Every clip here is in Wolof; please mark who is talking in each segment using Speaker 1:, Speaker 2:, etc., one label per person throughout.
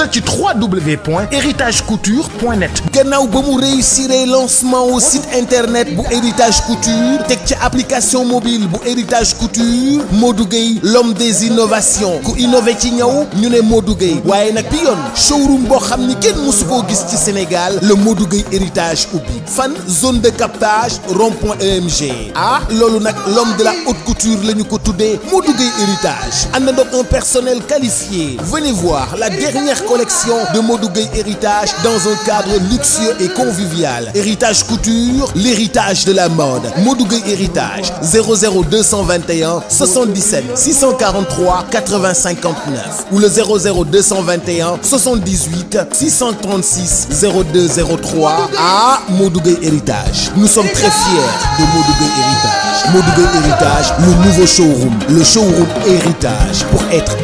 Speaker 1: nga ci www.heritagecouture.net gannaaw ba mu réussir lancement au site internet bu héritage couture teg ci application mobile bu héritage couture Modou Gueye l'homme des innovations ku innové ci ñaw ñu ne Modou Gueye waaye nag bi yoon showroom boo xam ni kenn mësu koo gis ci Sénégal le Modou Gueye héritage ubbi fan zone de captage rond-point EMG ah loolu nag l'homme de la haute couture la ñu ko tuddee Modou Gueye héritage àndandoo un personnel qualifié venez voir la dernière collection de Modou Gueye Héritage dans un cadre luxueux et convivial. Héritage Couture, l'héritage de la mode. Modou Gueye Héritage 00 221 77 643 80 59 ou le 00 221 78 636 02 03 à Modou Gueye Héritage. Nous sommes très fiers de Modou Gueye Héritage. Modou Gueye Héritage, le nouveau showroom, le showroom Héritage pour être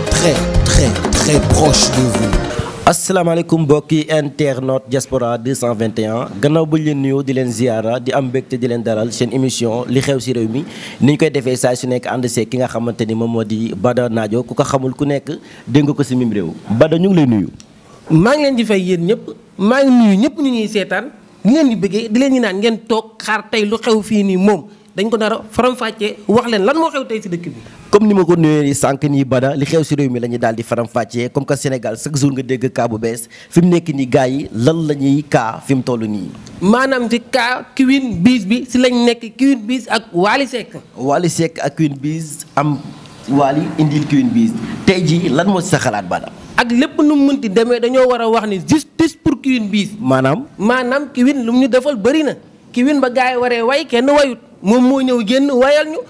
Speaker 2: asalaamaaleykum mbokki internaute diaspora 221 gannaaw buñ leen nuyoo di leen ziara di am mbégte di leen daral seen émission li xew si réew mi ni ñu koy defee saa su nekk ànd see ki nga xamante ni moom moo di Bada Naajo ku ko xamul ku nekk dégg nga ko si mim réew Bada ñu ngi lay nuyu.
Speaker 3: maa ngi leen di fay yéen ñëpp maa ngi nuyu ñëpp ñu ñuy seetaan di leen di bëggee di leen ñu naan ngeen toog xaar tey lu xew fii nii moom dañ ko dara a faram-fàccee wax leen lan moo tey si dëkk bi.
Speaker 2: comme ni ma ko nuyee nii sànq nii bada li xew si réew mi la ñuy daal di faram-fàccee comme que Sénégal chaque jour nga dégg cas bu bees fi mu nekk nii gars yi lan la ñuy cas fi mu toll nii.
Speaker 3: maanaam si kaa Queen biis bi si lañ nekk Queen Biz ak Wally Seck.
Speaker 2: Wally Seck ak Queen biis am Wally indil Queen Biz tey jii lan moo si sa xalaat bada.
Speaker 3: ak lépp nu mu mënti demee dañoo war a wax ni justice pour Queen Biz. maanaam. maanaam kiwin lu mu ñu defal bëri na Queen ba gars yi waree way kenn wayut moom moo ñëw génn wayal ñu.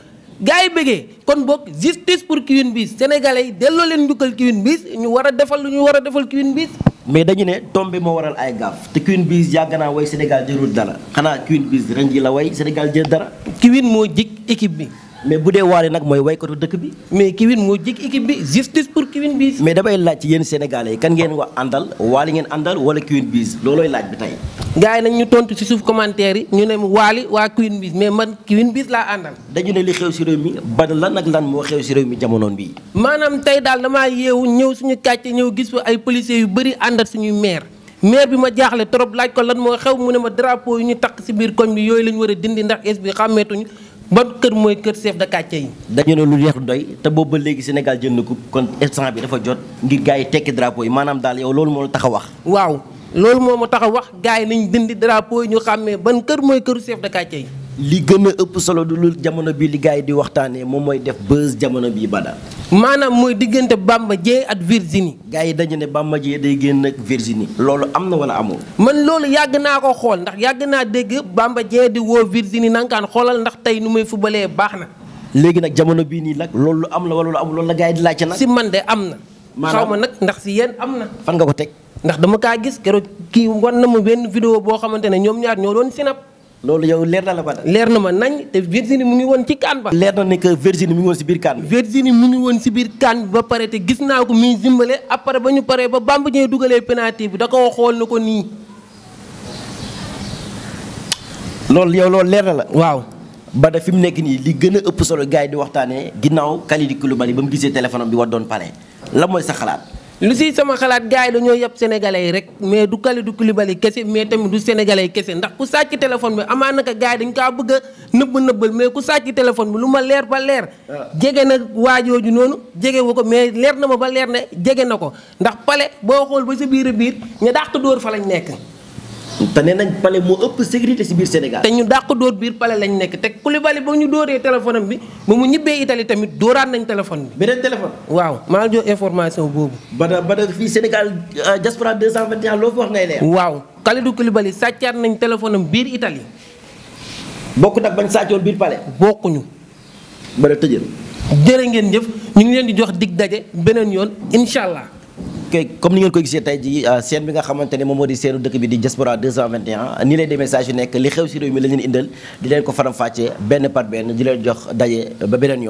Speaker 3: gars yi bëggee kon boog justice pour Queen Biz sénégalais yi delloo leen njukkal Queen Biz ñu war a defal lu ñu war a defal Queen Biz
Speaker 2: mais dañu ne tombe moo waral ay gaaf te Queen Biz yàgg naa way Sénégal jërul dara xanaa Queen Biz ren ji la way Sénégal jër dara Queen moo jik équipe bi mais bu dee waale nag mooy waykatu dëkk bi.
Speaker 3: mais Kiwin moo jik équipe bi justice pour Kiwin Biz.
Speaker 2: mais damay laaj ci yéen sénégalais yi kan ngeen wa àndal waali ngeen àndal wala Kiwin Biz loolooy laaj bi tey.
Speaker 3: gars yi nañ ñu tontu ci suuf commentaire yi ñu ne waali waa Kiwin Biz mais man Kiwin biis laa àndal.
Speaker 2: dañu ne li xew si réew mi ban lan ak lan moo xew si réew mi jamonoon bii.
Speaker 3: maanaam tey daal damaa yeewu ñëw suñu kàcce ñëw gis fa ay policiers yu bëri àndal suñuy maire. maire bi ma jaaxle trop laaj ko lan moo xew mu ne ma drapeau yu ñu takk si biir koñ bi yooyu lañ war a dindi ndax es bi xàmmeetuñu ban kër mooy kër seef de quartier yi.
Speaker 2: dañu ne lu neex doy te boobu ba léegi Sénégal jël na ko kon instant bi dafa jot ngir gars yi tekki drapo yi maanaam daal yow loolu moo la tax wax.
Speaker 3: waaw loolu moo ma tax a wax gars yi nañ dindi drapeau yi ñu xàmmee ban kër mooy këru chef de quartier yi.
Speaker 2: li gën a ëpp solo du lu jamono bi li gars yi di waxtaanee moom mooy def buzz
Speaker 3: jamono bi bada maanaam mooy diggante Bamba Dieng ak Virginie. gars yi dañu ne Bamba Dieng day génn ak Virginie. loolu am na wala amul. man loolu yàgg naa ko xool ndax yàgg naa dégg Bamba Dieng di woo Virginie nankaan xoolal ndax tey nu muy fubalee baax na. léegi nag jamono bii nii nag loolu am na wala lu amul loolu la gars yi di laajte nag. si man de am na. maanaam xaw ma nag ndax si yéen am na. fan nga ko teg. ndax dama kaa gis keroog kii war na ma benn vidéo boo xamante ne ñoom ñaar ñoo doon sinap loolu yow leer na la ba leer na ma nañ te Virginie mu ngi woon ci kaan ba. leer na ne que Virginie mu ngi woon si biir kaan bi. Virginie mu ngi woon si biir kaan ba pare te gis naa ko muy zimbale après ba ñu paree ba bamb ñee dugalee penalty bi da koo xool na ko nii.
Speaker 2: loolu yow loolu leer na la. waaw. ba da fi mu nekk nii li gën a ëpp solo gars yi di waxtaanee ginnaaw Kalidou Koulibaly ba mu gisee téléphone am bi war doon pare la moy sa xalaat.
Speaker 3: lu siy sama xalaat gars yi dañoo yab sénégalais yi rek mais du Kalidou Koulibaly kese mais tamit du sénégalais yi kese ndax ku sàcc téléphone bi amaa naka gars yi dañ kaa bëgg a nëbb nëbbal mais ku sàcc téléphone bi lu ma leer ba leer ah. jege na waajooju noonu jege wu ko mais leer na ma ba leer ne jege na ko ndax pale boo xool ba sa biir a biir ña dàq dóor fa lañ nekk te nee nañ palais moo ëpp sécurité ci biir Sénégal. te ñu dàq dóor biir palais lañ nekk te Koulibaly ba ñu dóoree téléphone am bi ba mu ñibbee Italie tamit dóoraat nañ téléphone bi. beneen téléphone. waaw maa ngi jox information boobu. ba da ba da fii Sénégal euh, diaspora 221 loo fi wax ngay leer. waaw Kalidou Koulibaly sàccaat nañ téléphone am biir Italie. bokkut ak bañ sàccoon biir palais. bokkuñu. ba da tëjal. jërë ngeen jëf ñu ngi leen di jox dig daje beneen yoon incha allah. koy comme ni ngeen koy gisee
Speaker 2: tey euh, seen bi nga xamante ne moom moo di seenu dëkk bi di diaspora nii lay demee saa nekk li xew si réew mi la indal di leen ko faram-fàccee benn par benn di leen jox daje ba beneen yoon